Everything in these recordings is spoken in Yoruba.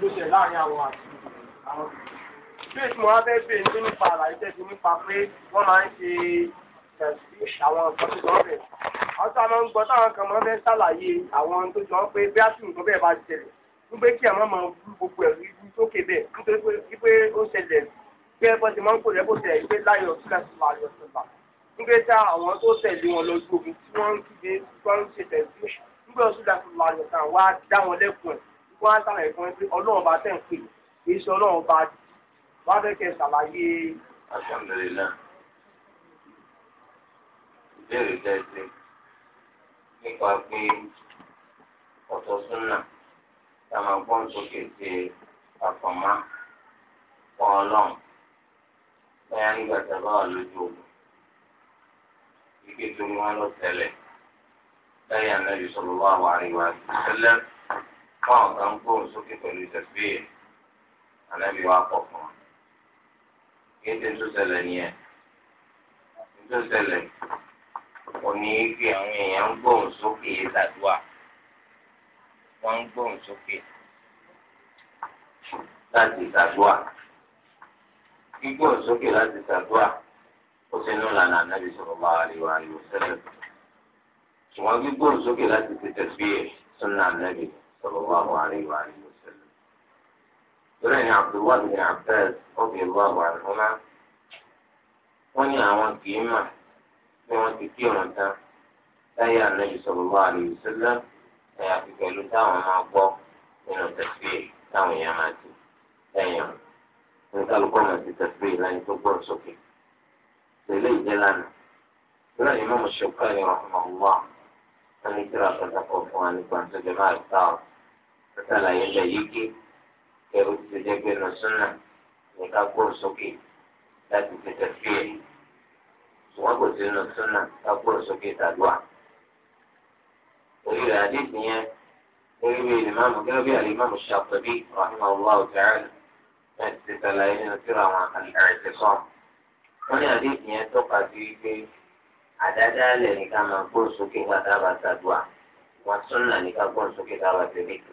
tó ṣe láàrin àwọn àti àwọn bíi mo wá fẹ́ bèèrè ní nípa àlàyé tẹ̀sí nípa pé wọ́n máa ń ṣe tẹ̀sí àwọn nǹkan tó jọ bẹ̀. àwọn tá a máa ń gbọ́ táwọn kan máa ń fẹ́ ṣàlàyé àwọn tó jọ pé bí àti nǹkan bẹ́ẹ̀ bá ṣẹlẹ̀ ń pé kí àwọn máa bú gbogbo ẹ̀rú ibi sókè bẹ́ẹ̀ nítorí pé ó ṣẹlẹ̀ bí ẹ bọ́sẹ̀ máa ń kó lẹ́kọ̀ọ́ tẹ̀ pé láyọ̀ kíláàsì máa yọ sọ̀tà nígbà tí àwọn tó tẹ̀lé wọn lọ ju ogun tí wọ́n ń kíde tí wọ́n ń ṣe tẹ̀sí nígbà tó dàtí máa yọ̀ sàn wá dá wọn lẹ́kùn ẹ̀ wọ́n á sàlàyé fún ẹ pé ọlọ́run bá tẹ̀ ń pè kì í ṣe ọlọ́run bá wá fẹ́ kẹ́ sàlàyé. alhamdulilayi ìbéèrè dẹ́sẹ̀ nípa pé ọ̀tọ̀ súnà tá a máa gbọ́n sókè ṣe àfọ̀mọ́ fún ọlọ́run bóyá nígbà tá a bá wà lójú ogun ike wọn lọ tẹ́lẹ̀ lẹ́yìn anábì sọlọ wà wà rí wa tẹ́lẹ̀ fáwọn kan gbóhùn sókè pẹ̀lú ìtẹ̀síbíyè ànábì wa pọ̀ fún wa kí ni tó ṣẹlẹ̀ nìyẹn ní tó ṣẹlẹ̀ kò ní í fi àwọn èèyàn ń gbóhùn sókè yìí ṣàdúrà wọ́n ń gbóhùn sókè láti ṣàdúrà gbígbóhùn sókè láti ṣàdúrà kò sínú lànà ànábì sallallahu alaihi wa sallam ṣùgbọ́n gbígbóhùn sókè láti ṣe tẹ̀síbíyè sínú ànábì. صلى الله عليه وآله وسلم ولن عبد الله بن عباس رضي الله عنهما وني عوان كيما وأوان كيما انت أي النبي صلى الله عليه وسلم أي في كيلو تا وما أقوى من التسبيح تا وياماتي أي nǹkan kọ́ máa ti tẹ̀sí ìlànà tó gbọ́n sókè tẹ̀lé ìdẹ́lànà lọ́nà ìmọ̀ mọ̀ṣọ́kọ́ ẹ̀rọ ọ̀hún ọ̀hún wa wọ́n ní kíra àtàkọ́ fún sàlàyé lẹ yíké ẹrù ti jẹ pé nù súnà ní ká gbóhùn sókè láti fi tẹ̀sí ẹ̀ ṣùgbọ́n kò sí nù súnà ká gbóhùn sókè tàdúà. orí rẹ̀ àdéhùn yẹn lórí bí ìlímàmù gẹ́gẹ́ bí àlímàmù Ṣàtíbí rahimahullahu ta'ala náà ti sàlàyé nínú síra àwọn al-i'tisam. wọ́n ní àdéhùn yẹn tọ́ka sí wípé àdáda lẹ̀ ní ká máa gbóhùn sókè nígbà tá a bá tàdúà wọ́n súnà ní ká gbóhùn sókè tá a bá tẹ̀lé kù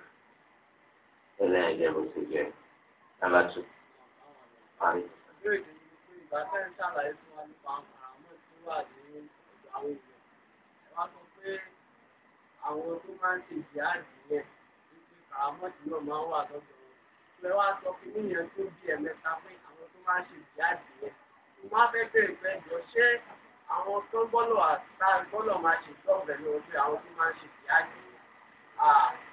ẹlẹ́yìn jẹ́ bó ṣe jẹ́ nàbà tù parí. ìgbà tẹ́ ń ṣàlàyé fún wa nípa àmọ́ tí wà ní ọ̀dọ̀ àwọn èèyàn ẹ wá sọ pé àwọn tó máa ń ṣe ìjìyàjì yẹn wípé kàámọ́ tí náà máa ń wà lọ́dọ̀ wọn ìpínlẹ̀ wa sọ pé níyẹn tó di ẹ̀mẹ́ta pé àwọn tó máa ń ṣe ìjìyàjì yẹn mo máa fẹ́ jọ ṣé àwọn tó ń bọ́lọ̀ àti tá a gbọ́dọ̀ máa ṣe ìjọba ẹ̀ lọ́wọ́ pé àwọn tó máa ń ṣe ìjìyàjì yẹn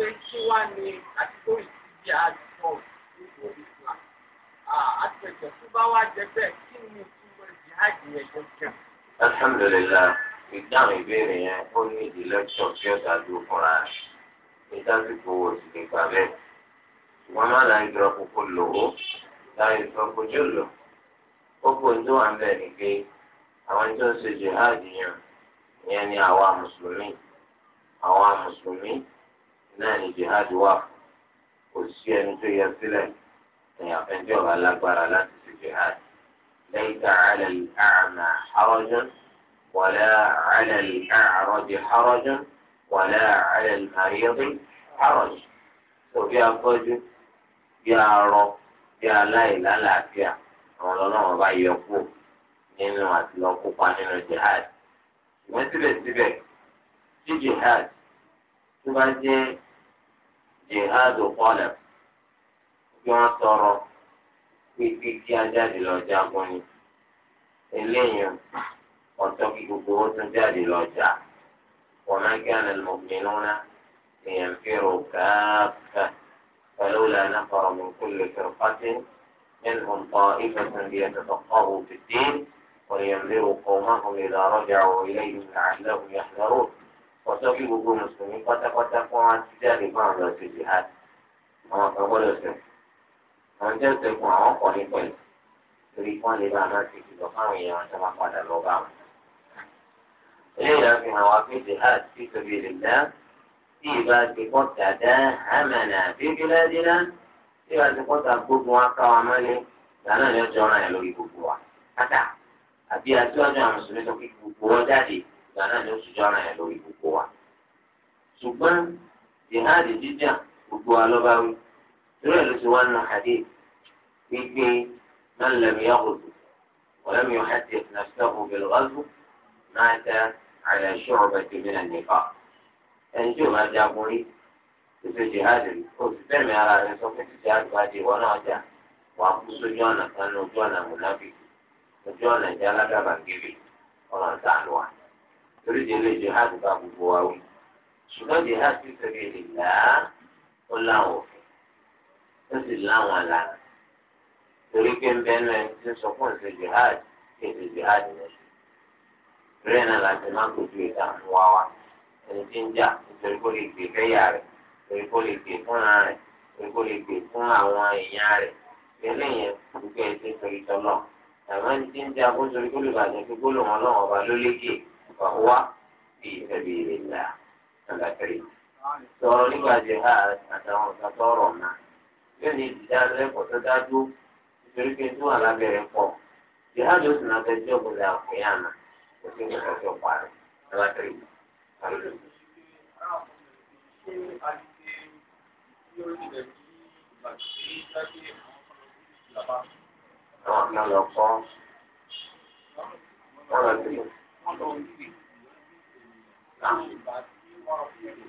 pé kí wá ní kàtíkórì tí bí a lè sọ nínú Islam àtẹ̀jẹ̀ tó bá wá jẹ bẹ́ẹ̀ kí ni ìtumọ̀ jihad yẹn jẹ jẹ. alhamdulilayi ìdáhùn ìbéèrè yẹn ó ní ìdílẹ́kṣọ̀ tí ó dájú fúnra ní dásìkò owó ti lè gbà bẹ́ẹ̀ ṣùgbọ́n má láì dúró kókó lò ó láì sọ lò ó kò tó wà bẹ́ẹ̀ ni pé àwọn tó ń ṣe jihad yẹn ìyẹn ni àwa mùsùlùmí àwa mùsùlùmí. náà ní jihad wà kò sí ẹni tó yẹ sílẹ̀ ẹ̀yìn àfẹnjẹ ọba lágbára láti ṣe jihad a lè الأعمى àrọjọ ولا على الأعرج حرج ولا على المريض àrọjọ tó bí afọ́jú bí arọ bí aláìlálàáfíà àwọn ọlọ́nà wọn bá yọ kú nínú àti lọ kópa nínú jihad ṣùgbọ́n síbẹ̀síbẹ̀ jíjì hajj tó bá jẹ́ jihadu kọlẹ̀ kí wọ́n tọrọ pípí kí ajáde lọ jagun ni eléyìí ọ̀tọ́ kí gbogbo ó tún jáde lọ jà wọ́n máa kí àná lọ́gbìnrin náà èèyàn fèrò káàkà pẹ̀lú lànà kọ̀rọ̀ mi kú lè fèrò pátí منهم طائفة ليتفقهوا في الدين ولينذروا قومهم إذا رجعوا إليهم لعلهم يحذرون kọtọ kí gbogbo mùsùlùmí pátápátá kó wọn ti jáde fún àwọn ọ̀sẹ̀ jihad àwọn kan gbọ́dọ̀ sẹ̀ àwọn jẹ́ sẹ̀ fún àwọn kọ̀ ní pẹ̀lú torí kí wọ́n lè bá àwọn ti kìlọ̀ fáwọn èèyàn tó máa padà lọ bá wọn. eléyìí á fi hàn wá pé jihad ti tóbi lè dá tí ìbá ti kọ́ dàda àmàlà àbíbíládínà tí ìbá ti kọ́ ta gbogbo wọn ká wọn mọ́lé lànà ìjọ ọ̀ràn ẹ̀ lórí gbogbo wa gbaná ni ó ti jọ ara yẹn lórí gbogbo wa. ṣùgbọ́n jihadi jíjà gbogbo wa lọ́ba wí irú ẹ̀ ló ti wá nù hadith wípé man lam yaghzu wa lam yuhaddith nafsahu bil ghazw mata ala shu'batin min an-nifaq. ẹni tí ò máa jagun rí ṣíṣe jihadi ó ti tẹ̀mí ara rẹ̀ sọ pé títí àgbàdì ìwọ náà jà wà á sójú ọ̀nà kan ní ojú ọ̀nà mùnáfíkì ojú ọ̀nà ìjà alágàbàgebè ọ̀nà ìtàn wa torí di ilé jihad bá gbogbo wa wí ṣùgbọ́n jihad ti sẹ́gi ìlà ó láwọn òfin ó sì láwọn àlànà torí pé ń bẹ́ ẹnu ẹni tí ń sọ fún ìṣe jihad kí ìṣe jihad rẹ̀ rẹ̀ náà láti má kojú ìta fún wa wa ẹni tí ń jà nítorí kó lè gbé fẹ́yà rẹ̀ torí kó lè gbé fúnra rẹ̀ torí kó lè gbé fún àwọn èèyàn rẹ̀ tẹ́lẹ̀ yẹn gbogbo ẹ̀ ti sọ ìtọ́ ẹni tí ń jà kó torí kó lè bàjẹ́ gbogbo lòun ọlọ́run فهو في سبيل الله هذا كريم sọ̀rọ̀ nípa jihad àtàwọn ìsàtọ̀rọ̀ náà yóò ní ìdílẹ́kọ̀ọ́ tó dájú nítorí pé tó wà lábẹ́rẹ́ pọ̀ jihad ó sì náà fẹ́ tí ògùn lè àkóyànà kò sí ní ọjọ́ parí alákiri àlùlù. àwọn kan lọ kọ́ wọ́n lọ wọ́n lọ sí láwọn ìgbà tí wọ́n rọ̀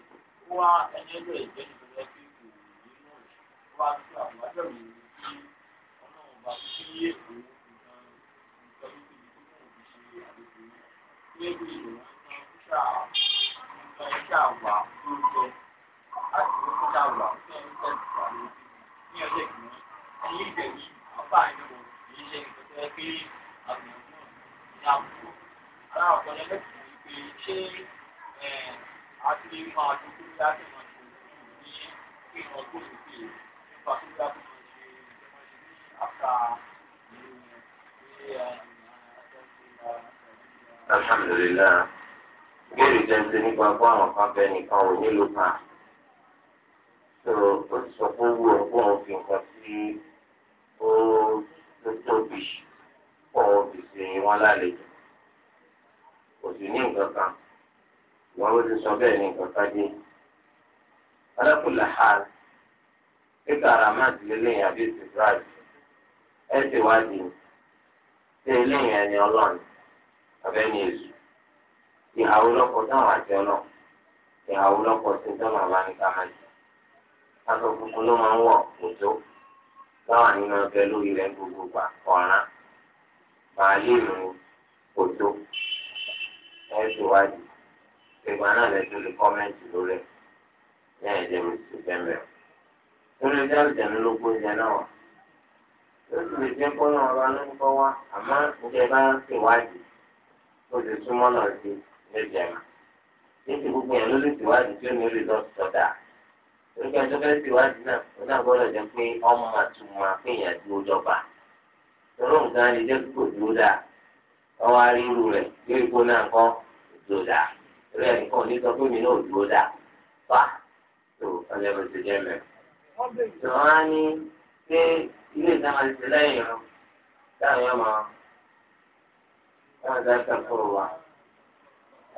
wá ẹni ẹgbẹ́ ìjẹ́ ìjọba tí kò nínú rẹ̀ ó wá sí àwọn ẹgbẹ́ mi ní kí ọlọ́run bá èkó nǹkan nǹkan tó ti di kó mọ̀ fi ṣe àdéhùn náà pé kí ìròyìn náà ṣáà nǹkan ṣáà wà tó jẹ láti ló ṣáà wà fún ẹni tẹ̀sí wà lójú ní ọjọ́ ìgbìmọ̀ ẹ̀yìn ìgbẹ̀yìn àbáyé wọn kì í ṣe nǹkan tó yẹ sọ yẹn lẹ́sìn yìí pé ṣé àti máa dúró láti máa ṣe ní kí wọ́n tó lè fi nípa tó dá tó máa ṣe àṣà ìlú yẹn pé alhamdulillah ìbéèrè jẹ́ǹtẹ́ nípa pé àwọn kan fẹ́ nìkan ò nílò pa so òṣìṣẹ́ tó wù ọ́ kó òun fi nǹkan sí ó tóbi kó òun fi ṣe wọn lálejò. kò sì ní nǹkan kan ìwà wo ti sọ bẹ́ẹ̀ ní nǹkan kan dé. alákùnlé ha ṣé karama ti lé lẹ́yìn àbí ẹ ti wá di ṣé lẹ́yìn ẹni ọlọ́run abẹ́ni èṣù ìhàwó lọ́kọ̀ táwọn àti ọlọ́run ìhàwó lọ́kọ̀ tí ń tọ́ màmá ní ká máa aṣọ funfun ló máa ń wọ̀ òjò láwọn àníyàn ọbẹ̀ lórí rẹ̀ gbogbo gbà ọ̀ràn màálù ẹ̀ ṣèwádìí ìgbà náà lẹ́tọ́ lè kọ́mẹ́ǹtì lórí ẹ̀ ní ẹ̀jẹ̀ mi ti bẹ́ẹ̀ nínú ilé àjẹmí ló gbó oúnjẹ náà wá lórí lè jẹ́ kó náà wá ló ń bọ́ wá àmọ́ oúnjẹ bá ń ṣèwádìí ó ti súnmọ́ náà sí lẹ́jẹ̀ mà níbi gbogbo yẹn ló lè ṣèwádìí tí ó ní olè lọ sọ̀dà lórí ẹjọ́ fẹ́ ṣèwádìí náà ó náà gbọ́dọ̀ jẹ́ pé ọmọ àtúmọ̀ àpéyàn dúró dọ́gba lọ́rùn gan-an lè jẹ́ kó dúró dáa ọwọ́ aríru rẹ̀ lórí ipò náà kọ́ dúró dáa rẹ̀ nìkan ò ní sọ pé mi náà dúró dáa wá tó ọlẹ́bùn ti jẹ́ mẹ́rin. ṣùgbọ́n á ní pé ilé ìdáná ti lẹ́yìn rẹ̀ táwọn yóò máa wọn dá sẹ́kọ̀ọ́ wa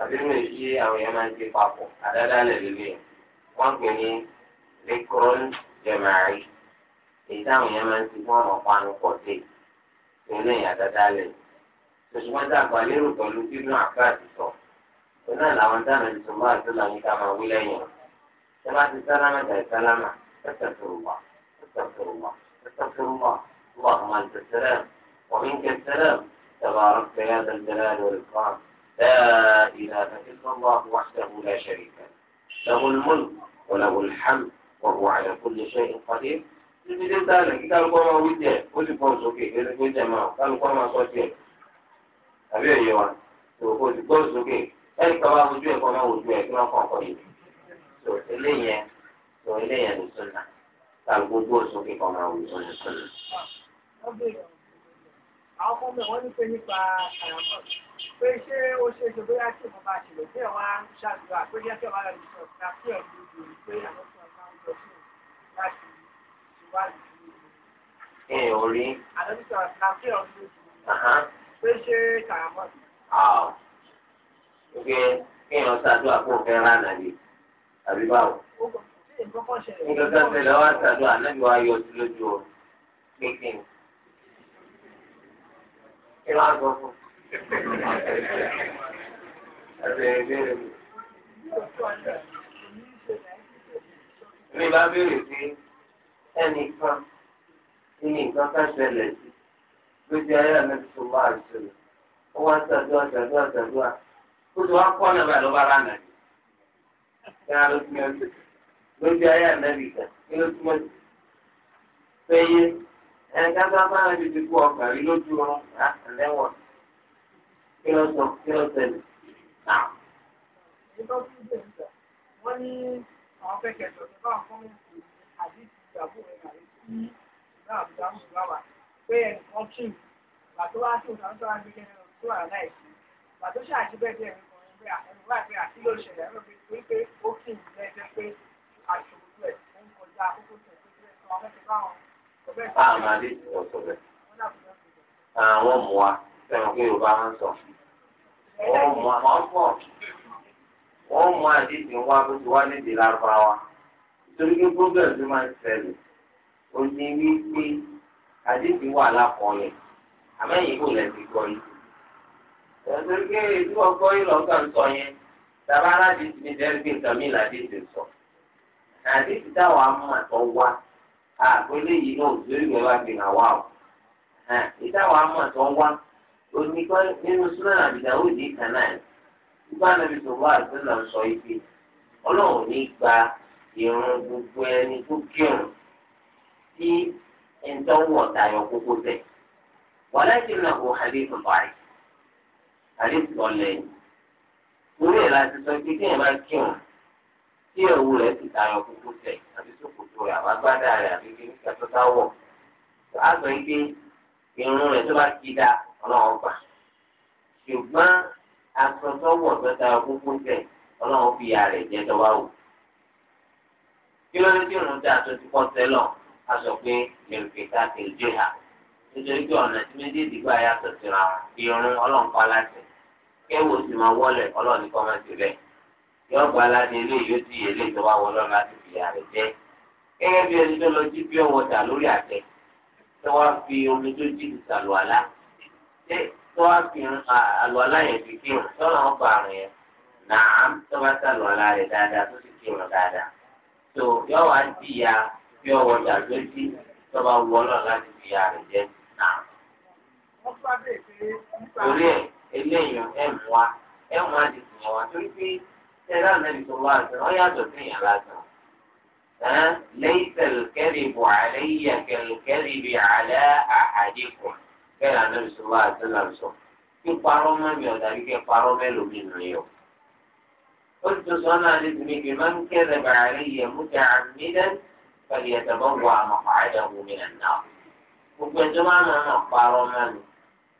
àbí mi yí àwọn yẹn máa ń ti papọ̀ àdádálẹ̀ lélẹ̀ wọ́n pè ní lẹ́kọ̀ọ́n jẹ̀mẹ̀rì èyí táwọn yẹn máa ń ti fún ọ̀nà panu pọ̀ sí ìpínlẹ̀ àdádálẹ̀ yìí. ṣùgbọ́n tá a gbà lérò pẹ̀lú bíbí àgbà ti sọ òun náà làwọn dáná ti sọ̀rọ̀ àti làwọn ká máa wí lẹ́yìn rẹ̀ ṣé bá ti sálámà tàì sálámà ẹsẹ̀ fòrò wá ẹsẹ̀ fòrò wá ẹsẹ̀ fòrò wá wà á máa tẹ̀sẹ̀rẹ̀ ومن كالسلام تبارك يا ذا الجلال والإكرام لا إله إلا الله وحده لا شريك له له الملك وله الحمد وهو على كل شيء قدير níbi dé dáa lè kí kálukọ́ máa wí jẹ́ ó sì pọ̀ sókè kí kálukọ́ máa sọ tiẹ̀ àbí òye wa tòkó ti gbóòrò sókè ẹnì kan bá wojú ẹ̀ kọ́ máa wojú ẹ̀ kí wọ́n yìí tó eléyẹn tó eléyẹn ló sún náà tàbí gbogbo sókè kọ́ máa wojú ẹ̀ sún àwọn ọmọ wọn ní pé nípa àyàmọ́ pé ṣé ó ṣe ṣe bóyá tí mo bá ṣẹlẹ̀ bí ẹ̀wọ̀n á ṣàdúrà pé jẹ́ kí ọ̀bára mi sọ̀rọ̀ ká kí ẹ̀mí ìlú pé àwọn ọmọ máa ń lọ sí láti ẹ ò rí. àdébísọ̀ pé ṣé kàrámọ́. Ah. Oge kí èèyàn ṣàdúrà kó fẹ́ rà nàlè àbí báwo. Nígbà tó ṣẹlẹ̀ wá ṣàdúrà náà wá yọ sí lójú o ni Kí ni, ń sọ fún? Ẹ̀sẹ̀ ìbéèrè mi. Mi bá béèrè pé ẹnìkan ní nǹkan kan ṣẹlẹ̀ sí lójú ayé ànábi tó bá àìsàn ó wá ṣàdúrà ṣàdúrà ṣàdúrà ó ti wá kọ́ nàbà ló bá rà nàbì kí á ló ti mọ̀ sí lójú ayé ànábi kan kí ló ti mọ̀ sí péye ẹ̀ẹ́dẹ́gbẹ́ bá ànábi ti kú ọkàn rí lójú ọ̀run àtẹ̀lẹ́wọ̀n kí ló sọ kí ló tẹ̀lé wọ́n ní àwọn fẹ́ kẹ̀sọ̀ tó bá ń fọ́nmù àdìsí ìyàwó rẹ̀ náà rí sí ìgbà pé ẹnìkan kì í tó wá sí òkàn tó wá gbé lẹ́nu tó wà láìsí gbà tó ṣáàjú bẹ́ẹ̀ bẹ́ẹ̀ mi kàn ń pé ẹnu wà pé àti ló ṣẹlẹ̀ ẹ̀rọ mi torí pé ó kì í lẹ́jẹ́ pé àṣòro rẹ̀ ó ń kọjá àkókò tó ń pè é tó wọn fẹ́ báwọn ọ̀bẹ tó wọn. àmàlí ọ̀sọ̀ àwọn mọ̀ wa fẹ́ràn pé Yorùbá máa sọ. wọ́n mọ̀ àdéhùn wa bó ti wá nídìí lárúbáwá torí pé gbọ́dọ̀ ló máa ń ṣẹlẹ̀ ó ní wípé àdéhùn wà lákọọlẹ̀ àmẹ́yìn kò lẹ́sí gbọ́ yìí. ẹ̀sìn pé ọkọ yìí lọ́gbà ń sọ yẹn aládìí ti ní sọ. wá àpẹẹlẹ yìí náà lórí ìwé o. wá nínú kanáà ń sọ ibi ọlọ́run ní gba gbogbo ẹni tó kírun tí ẹnjẹ ń wọ̀ tayọ kókó tẹ̀. wàláìkì náà wò hadithu báyìí hadithu ọ̀lẹ́ orí ẹ̀ láti sọ pé kí ẹ̀ máa kírun tí ẹ̀wù rẹ̀ ti tayọ kókó tẹ̀ àbí sòkòtò rẹ̀ àbágbádá rẹ̀ àbí kí kẹtọ́ tá wọ̀. a sọ pé irun rẹ̀ tó bá ti da ọlọ́run gbà ṣùgbọ́n asọ̀tọ̀wọ̀ tó tayọ kókó tẹ̀ ọlọ́run fi ara ẹ̀ jẹ́ tọ́wá wò. kí ló ní kí irun dá tó ti kọ́ sẹ́lọ̀ a sọ pé mẹlùkẹta tẹlifẹ hà nítorí pé ọ̀nà tí méjèèjì gbà yàtọ̀ síra irun ọlọ́nkọ́ aláṣẹ kẹwò sì máa wọlé ọlọ́ọ̀ni kọ́ máa ti yọ gba ti yẹ eléyìí tó wọlé ọ̀nà láti fìyà rẹ̀ jẹ́ gẹ́gẹ́ bí ẹni tó lọ jí bí ọwọ́ dà lórí àtẹ tó wá fi omi tó jí fi àlù àlá yẹn fi fi ọwọ́ dàgbé sí tọ́ba wọ náà láti fi ààrẹ jẹ náà. torí ẹ eléyìí ẹ wa ẹ wa dìbò yẹn wa torí pé sẹ́dá nàbì tó wá àgbẹ̀ ọ yàtọ̀ sí ìyàn lásán. فليتبوع مقعده من النار ممكن تماما أخبار من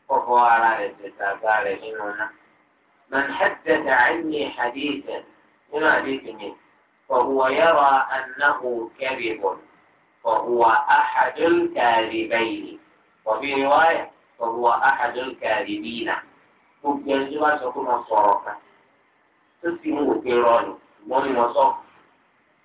وفوارا لتتابع منهن من حدث عني حديثا بما حديث فهو يرى أنه كذب فهو أحد الكاذبين وفي رواية فهو أحد الكاذبين ممكن تماما تكون صورة تسمو كيراني مولي مصور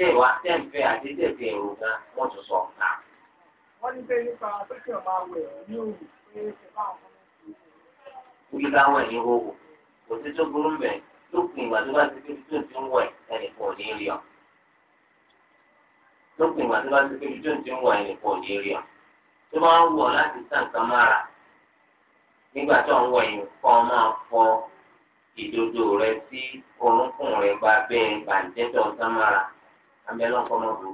tẹ ìwà tẹ ń fẹ́ wọ́n tún sọ ọ̀tá. wọ́n ní pé nípa pẹ́kì ọ̀ma wẹ̀ ní òwò pé ṣe bá àwọn ọmọ ìlú. wíwá wẹ̀ ní owó kò sí tó burú mẹ́ lópin ìgbà tó bá ti fi tó ti ń wẹ̀ ẹnìkan ò ní rí ọ. lópin ìgbà tó bá ti fi tó ti ń wẹ̀ ẹnìkan ò ní rí ọ. tó bá ń wọ̀ láti tàn kan mára nígbà tó ń wẹ̀ yìí máa fọ ìdodo rẹ tí orúnkún rẹ bá bẹ́ẹ̀ bàjẹ́ tó ń sán mára àmì ẹlọ́n kọ́ mọ́ burú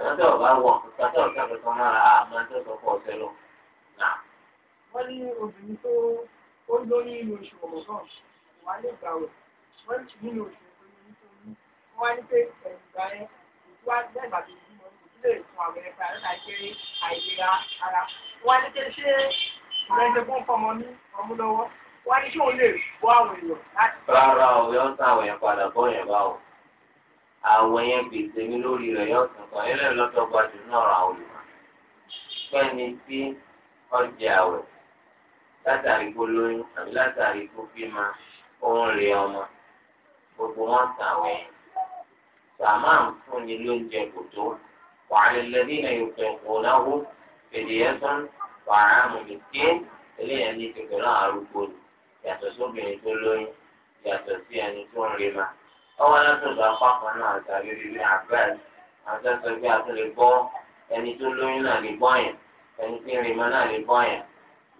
àwọn tó ọba wọ̀ nǹkan tó ọ̀sẹ̀ kankan mára àmọ́ tó sọ fún ọ̀sẹ̀ lọ. wọ́n ní obìnrin tó ó lóyún inú oṣù ọ̀gbọ̀n wà lè gbà wẹ̀ wọ́n ti nínú oṣù ọ̀gbọ̀n nítorí wọ́n wá ní pé ẹ̀gbà yẹn kò wá dẹ́gbà tó bímọ kò tún lè fún àwọn ẹ̀ka rẹ̀ láì jẹ́ àìlera ara wọ́n wá ní pé ṣé ìrẹsẹ̀ fún ọmọ ní ọmú lọ́wọ́ wọ́n wá ní ṣé òun lè bọ́ àwọn èèyàn láti. rárá o yọ ń tàwọn yẹn padà bọ́ yẹn báwo àwọ̀ yẹn fi tèmi lórí rẹ̀ yọ tuntun ilé lọ́tọ̀ gbajù náà ra olùmọ̀ kẹ́ni tí ọjà àwẹ̀ látàrí gbólóyún àbí látàrí gbófíma òun rè ọmọ gbogbo wọn sàwẹ̀ yẹn sàmà ń fúnni lóúnjẹ kò tó wàhálà lẹ́dí náà yóò fẹ́ kó náwó fèdè wàhálà mọ̀mí ké eléyàn ní ti àrùn gbòòlù yàtọ̀ sóbìnrin tó lóyún yàtọ̀ sí ẹni tó ń rè máa ọwọ́ alátọ̀dọ̀ apákan náà àtàrí ilé àgbáyé àtàtọ̀ bí a tún lè gbọ́ ẹni tó lóyún náà lè gbọ́ yẹn ẹni tí ń rìnmọ́ náà lè gbọ́ yẹn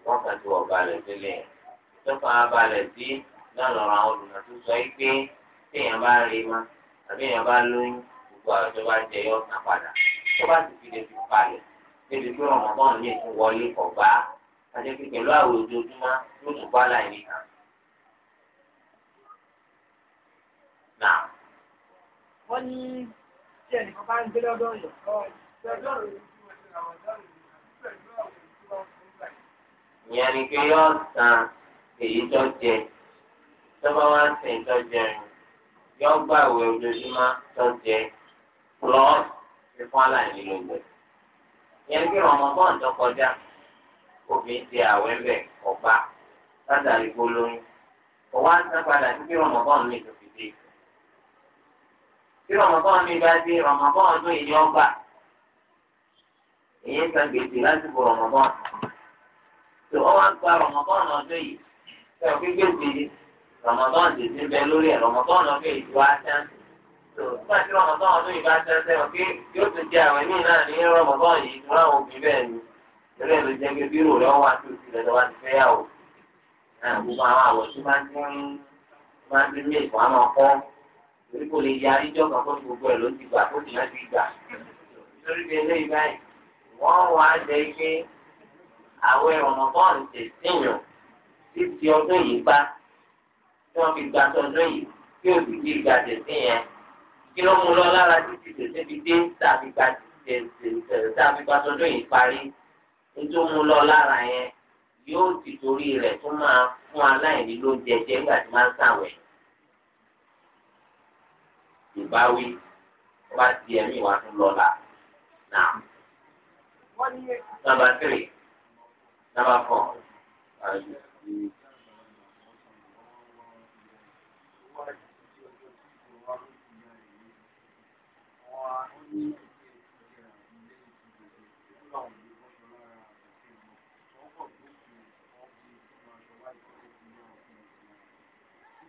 wọ́n kàn ti wọ̀ balẹ̀ sílẹ̀ yẹn tó fà á balẹ̀ sí náà lọ́rọ̀ àwọn olùmọ̀ tó sọ yìí pé téèyàn bá rìnmọ́ àbí èèyàn bá lóyún gbogbo àwọn tó bá jẹ yọ ọ̀sán padà tó bá sì fi lè fi palẹ̀ níbi tí ọmọ bọ́ọ̀n ní ìtúwọlé kọ̀ àti pẹ̀lú àwọn ojoojúmọ́ ló Náà. Wọ́n ní tí ẹnìkan bá ń gbé lọ́dọ̀ yọ̀ lọ ìgbẹ́jọ́ rẹ̀ tí wọ́n ti ràwọ̀ jáde pẹ̀lú àwọn tí wọ́n fún gbà. Ìyẹn ni pé yóò san èyí tó jẹ. Tọ́ba wá ń sìn tó jẹ rìn. Yóò gbà wẹ̀ ojoojúmọ́ tó jẹ. Plus fífún aláìní ló gbẹ. Ìyẹn kí ọmọ bọ́ọ̀n tó kọjá. Òfin ti àwẹ̀ bẹ̀ ọ̀gbá. Látàrí gbólóyún. Ọwọ́ á sá padà sí kí ọmọ mi tó tí rọmọbọ́n mi bá dé rọmọbọ́n ọdún yìí ó gbà èyí ń san gbèsè lásìkò rọmọbọ́n tó ó wá gba rọmọbọ́n ọdún yìí tó o fi gbèsè rọmọbọ́n tètè bẹ lórí ẹ̀ rọmọbọ́n ọdún yìí tó wá tán tó nígbà tí rọmọbọ́n ọdún yìí bá tán sẹ́wọ̀n yóò tún jẹ àwọn ẹ̀mí náà ní rọmọbọ́n yìí tó láwọn òbí ni lórí ẹ̀ ló jẹ́ pé bírò rẹ̀ wá tó tilẹ̀ lọ́wọ́ ti fẹ́ yà wò gbogbo àwọn àwọ̀ máa ń dín máa ń dín mí ìfọ̀ torí kò lè yarí jọba fún gbogbo ẹ̀ ló ti gbà tó ti láti gbà lórí bí eléyìí báyìí wọ́n wá jẹ́ pé àwọn ọmọkàn ti sèyàn títí ọdún yìí bá tí wọ́n fi gbà tọdún yìí kí o sì fi gbà tẹ̀sí yẹn kí ló mú lọ lára títí tẹ̀sí fi dé tàbí gbà tàbí gbà tọdún yìí parí nítorí mú lọ lára yẹn yóò ti torí rẹ̀ tó máa fún aláìní ló jẹjẹ nígbà tí wọ́n ń sàwẹ̀ ìbáwí ọba ti ẹ̀mí wa tún lọ́la náà. Nàbà tírì, nàbà fọ̀,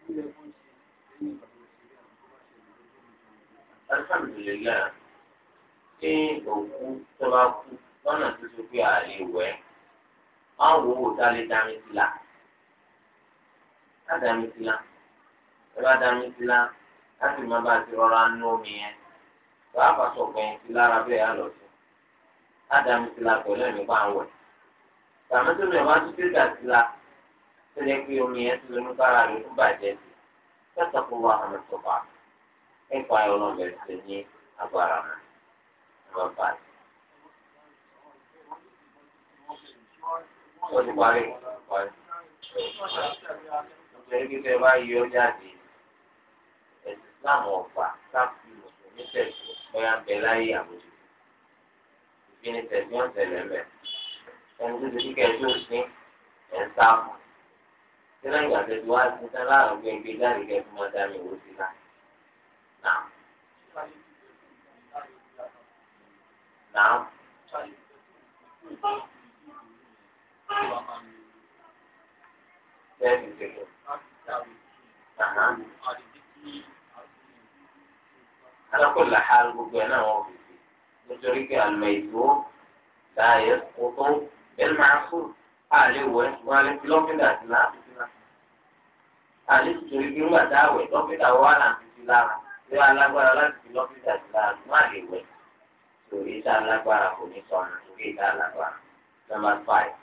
Thank you. alhamdulilayi ṣé òkú tó bá kú lọ́nà tó tó pé àlè wẹ̀ á wò ó dálé dání sí la á dání sí la ẹ bá dání sí la á sì má bá ti rọra nú omi yẹn bá a bá sọ pẹ̀yìn sí lára bẹ́ẹ̀ á lọ sí á dání sí la pẹ̀lú ẹ̀mí bá ń wẹ̀ tàmítọ́ mi wá tún dégà sí la tẹ́lẹ̀ pé omi yẹn ti lọ́nú bára rẹ̀ ń bàjẹ́ sí kẹ́tọ̀kọ̀ wà hàn sọ̀bà nípa ọlọ́run bẹ̀rẹ̀ sí ní agbára mọ́ ọmọ bá a. ó ti parí parí. nítorí pé bẹ́ẹ̀ bá yọ jáde ẹ̀sìn Islam ọ̀fà sáfì mùsùlùmí tẹ̀sí bóyá bẹ láyé àbójú. ìpinnu tẹ̀sí ọ̀sẹ̀ lẹ́mẹ̀. ẹni tó ti fi kẹ́ẹ̀tọ́ sí ẹ̀ ń sáfù. sílẹ̀ ìgbà tẹ̀sí wá sí sáláàrùn jáde kẹ́ẹ̀tọ́ mọ́ dá mi wò sí náà. نعم نعم على كل حال بقيناه nítorí الميتون لا يسقط بالمعصوم àlè wẹ̀ wọ́n alẹ́ fi lọ́fíńdà sí láàbì sí náà àlè nítorí pé ńgbà dáwẹ̀ lọ́fíńdà wà láàbì sí lára. ṣé alágbára láti fi lọ́fíìsì àti láàmú àlèwẹ̀ torí ìta alágbára kò ní sọ ọ̀nà torí ìta alágbára nọ́mbà five.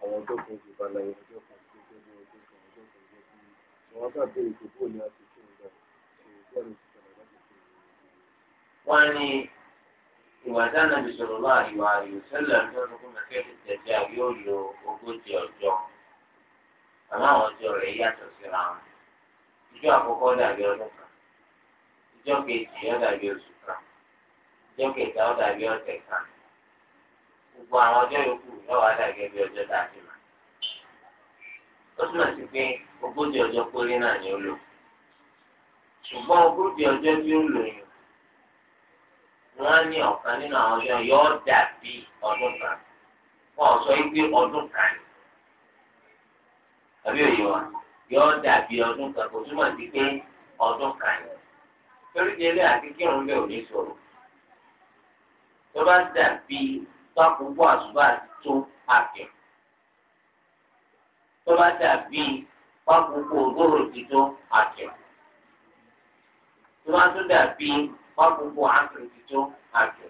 Àwọn ọjọ́ kan ti balẹ̀ ọjọ́ kan tó tó ní ọjọ́ kan ọjọ́ kan jẹ́ bí wọ́n bá bẹ̀rẹ̀ tó bóyá àti tó ń gbà ṣe ìgbọ́nù ti sọ̀rọ̀ láti fi wọ́n ní ìwà dáná bí sọ̀rọ̀ láàrin wa àyè òṣèlú àti ọdún kúmọ̀ kẹ́kẹ́ tẹ̀lé àbí ó lo ogójì ọjọ́. àmọ́ àwọn ọjọ́ rẹ̀ yàtọ̀ síra wọn ìjọ àkọ́kọ́ dàbí ọdún kan ìjọ kejì ó dàbí oṣù kan ìjọ kẹta ó dàbí ọ̀sẹ̀ kan gbogbo àwọn ọjọ́ yòókù lọ́wọ́ àdàgẹ́ bí ọjọ́ dàbí mà ó túmọ̀ sí pé ogójì ọjọ́ péré náà ni ó lò ṣùgbọ́n ogójì ọjọ́ tí ó lò yìí wọ́n ní ọ̀kan nínú àwọn ọjọ́ dàbí ọdún kan wọ́n sọ àbí òye wa yọ dàbí ọdún kan kò túmọ̀ sí pé ọdún kan ni torí di ẹlẹ́ àti kírun bẹ́ẹ̀ ò ní sọ̀rọ̀ tó bá dàbí pápúpọ̀ àṣùbà tó àfẹ́ tó bá dàbí pápúpọ̀ ògbóró títọ́ àfẹ́ tó bá tún dàbí pápúpọ̀ àṣùrò títọ́ àfẹ́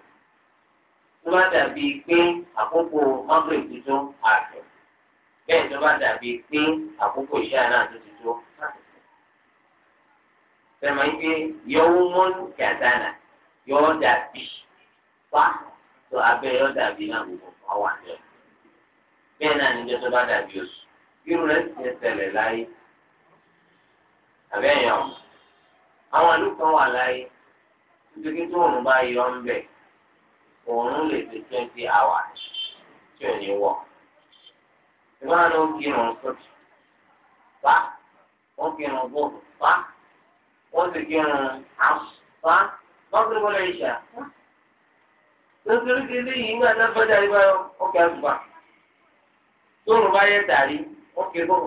tó bá dàbí pé àkókò mọ́tò ìtítọ́ àfẹ́ bẹ́ẹ̀ ló bá dàbí pé àkókò iṣẹ́ náà tó ti tó. sẹ́mi ń gbé yọ̀wó mọ́nù kàdánà yọ̀ dàbí wá tó abẹ́ yọ̀ dàbí náà gbogbo wọn wà lẹ́. bẹ́ẹ̀ náà níjọ́ tó bá dàbí oṣù irú rẹ̀ ti ṣẹlẹ̀ láyé. àbẹ́yẹn ọ̀hún àwọn àlùkò wà láyé nítorí tó òun bá yọ ń bẹ̀ òun lè fi twenty hours tí ò ní wọ̀ ìwọ́n ló ń kírun sọ́tù fa wọ́n kírun bó fa wọ́n sì kírun àṣù fa wọ́n sì wọlé ìṣà lóṣèlú ti lé yìí máa dábọ́ dàrí bá ọkẹ́ àgbà tóun bá yẹ dàrí ọkẹ́ bọ̀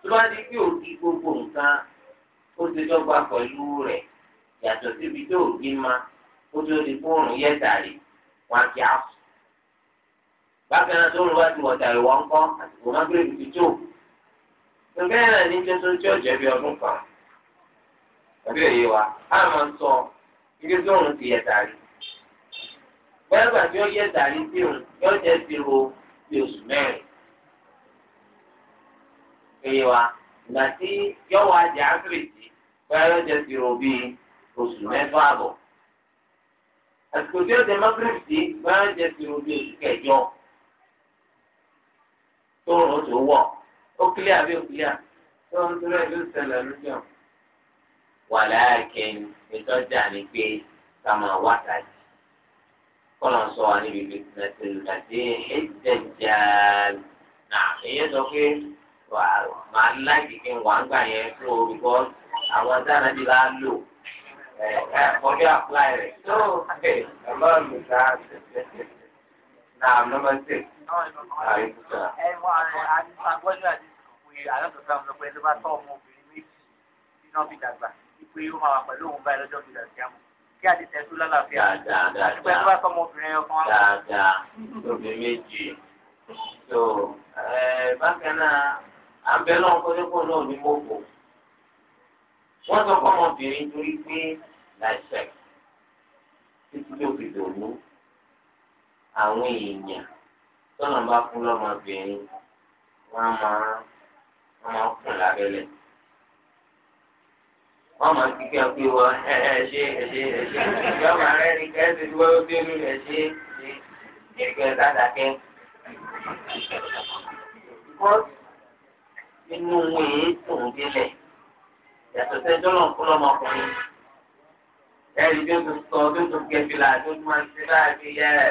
tó bá di pé òkè gbogbo nǹkan ó ti dọ́gba pẹ̀lú rẹ̀ yàtọ̀ síbi tó òbí ma ó tó di fóònù yẹ dàrí wọn á kí àṣù bákan náà tó ń wá ti wọ̀tà ìwà ńkọ́ àsìkò mágbèrè ti tó. Nǹkan yẹn náà ní tuntun tí ó jẹ̀bi ọdún kan. Tàbí òye wa, a máa ń sọ ibi tó ń ti yẹ tàrí. Bẹ́ẹ̀ gbà tí ó yẹ tàrí sí òun, yóò jẹ́ ti ro ti oṣù mẹ́rin. Òye wa, ìgbà tí yóò wá jẹ́ áfíríkì, bẹ́ẹ̀ yóò jẹ́ ti ro bíi oṣù mẹ́fà àbọ̀. Àsìkò tí ó jẹ mágbèrè sí, bẹ́ẹ̀ yóò jẹ́ ti ro bíi oṣù kẹjọ tó rùn ó tó wọ̀ ó kílẹ̀ àbí òkílẹ̀ tó ń tó rẹ̀ ló ṣẹlẹ̀ lójú ọ̀. wàláàkín ìtọ́jà ni pé ká máa wá tàjì kọ́lọ̀ ń sọ wa níbi bìtìnàtì àti ìjẹjà náà ìyẹn sọ pé màá láìpẹ́ kí n wà ń gbà yẹn fún orí bọ́ àwọn dáná bí bá lò kọjá apply rẹ̀ tó ẹ̀ ẹ̀ lọ́ọ̀lù sáà. Naam, number six. Ẹ mọ àwọn àgbọ̀jọ́ àti ìpè àlọ́sọ̀tà ọ̀sọ̀ pé ẹni bá tọ́ ọmọ obìnrin méjì iná fi dàgbà ìpè yóò máa wà pẹ̀lú òun báyìí lọ́jọ́ ìgbà tí a mọ̀. Kí àti tẹ̀sù lálàáfíà àti pé ẹni bá tọ́ ọmọ obìnrin ọkàn wọn. Dáadáa, tóbi méjì. So bákan náà, à ń bẹ lọ́wọ́ kọ́lẹ́kọ́ náà ní mọ́kò. Wọ́n sọ fọ́mọbìnrin torí pé láìsẹ̀ títí tó fi dòwú àwọn èèyàn tọ́nà bá kú lọ́mọbìnrin wọ́n máa wọ́n máa kùn lábẹ́lẹ̀. wọ́n máa ti kí ẹkú wọ ẹ ẹ ṣe ẹ ṣe ẹ ṣe ìjọba rẹ ní kẹ́sì tí wọ́n bí inú ẹ ṣe ṣe ẹgbẹ́ dáadáa inú wọn èyí tòun délẹ̀ yàtọ̀ sẹ́jọ́ náà kú lọ́mọkùnrin ẹ̀rí bí ó ti sọ bí ó ti gẹ̀bí là tó máa ń ṣe báyìí yẹ́rẹ́.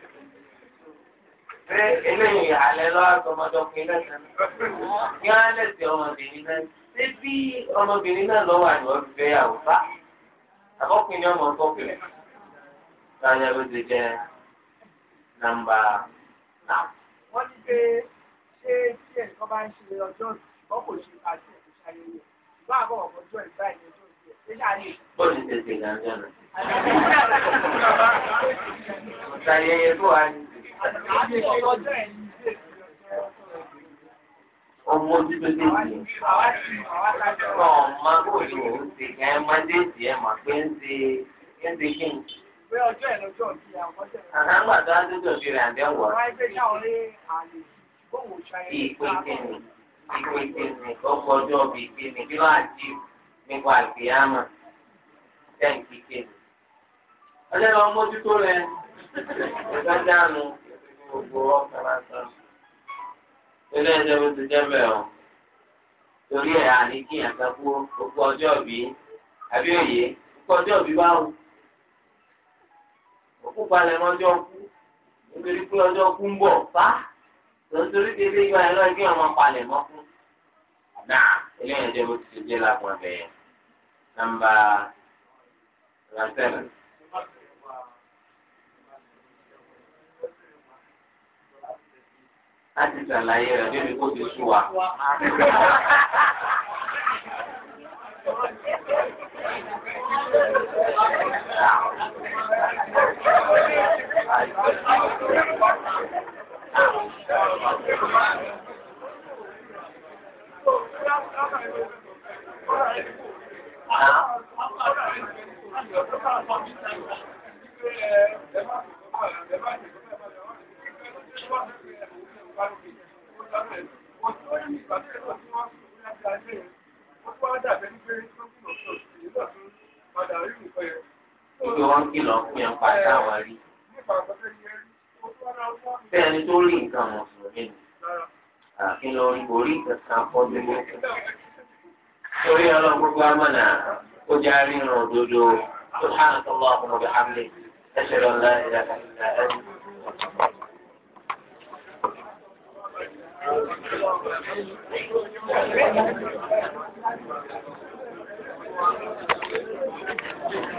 ṣé eléyìí alẹ́ lọ́wọ́ tọmọdọ́kùnrin náà sàn ọmọbìnrin náà ṣé ọmọbìnrin náà lọ́wọ́ àdúrà fi ọmọ ọkọ̀kùnrin láyé ló ti nàmbà náà. wọ́n ti pé ṣé tí bá ń ṣe ọjọ́ ìgbọ́kọ̀ ṣe àti ìgbà àbọ̀ ọ̀gọ́jọ́ ìgbà bọ́ọ̀lù ọmọ ojú tó dé sí. ọmọ bóyá ò kẹ́ ẹ má dé sí ẹ mà pé ń ṣe ń ṣe kí n. pé ọjọ́ ẹ̀ lọ́jọ́ ti àwọn ọjọ́ àná gbàdúrà tó dọ̀bí rẹ̀ àdéhùn. wọ́n á gbé sáwọn ní àlè bóun ṣayẹyẹ. ìpè kìnnì ìpè kìnnì ọkọ̀ ọjọ́ bíi kìnnì kí ló àjíù nípa àlùkìyámà tẹ́ǹkì kéde. ọjọ́ lọ mójútó rẹ̀ ẹ̀ka dànù gbogbo ọkọ̀ lásán. ilé ẹjọ́ mi ti jẹ́ bẹ́ẹ̀ o torí ẹ̀ àní kí àgbà kú gbogbo ọjọ́ bí àbí òye gbogbo ọjọ́ bí báwo. òkú palẹ̀ mọ́jọ́ kú nítorí pé ọjọ́ kú ń bọ̀ bá lọ́sọ̀rí tẹ́lẹ̀ yọ ẹ̀ lọ́ọ́ kí ọmọ palẹ̀ mọ́ fún. àdá ilé ẹjọ́ mi ti jẹ́ lápọ̀ bẹ́ẹ̀ nàmbà làǹtẹ̀nà. láti ṣàlàyé rẹ̀ débi kó ti sú wa. Thank you. Ibi wọn kìlọ̀ fún yẹn pa táwọn rí. Bẹ́ẹ̀ni tó rí nǹkan mọ̀ nínú. Àfi lọ orí kankan fọ́dún lókè. torí ọlọ́run gbogbo amọ̀nà ó jẹ́ àríyàn òdodo subhanahu wa ta'ala bi hamdi ẹsẹ̀ lọ́la ìdàkà ìdà ẹ̀sìn. Thank you.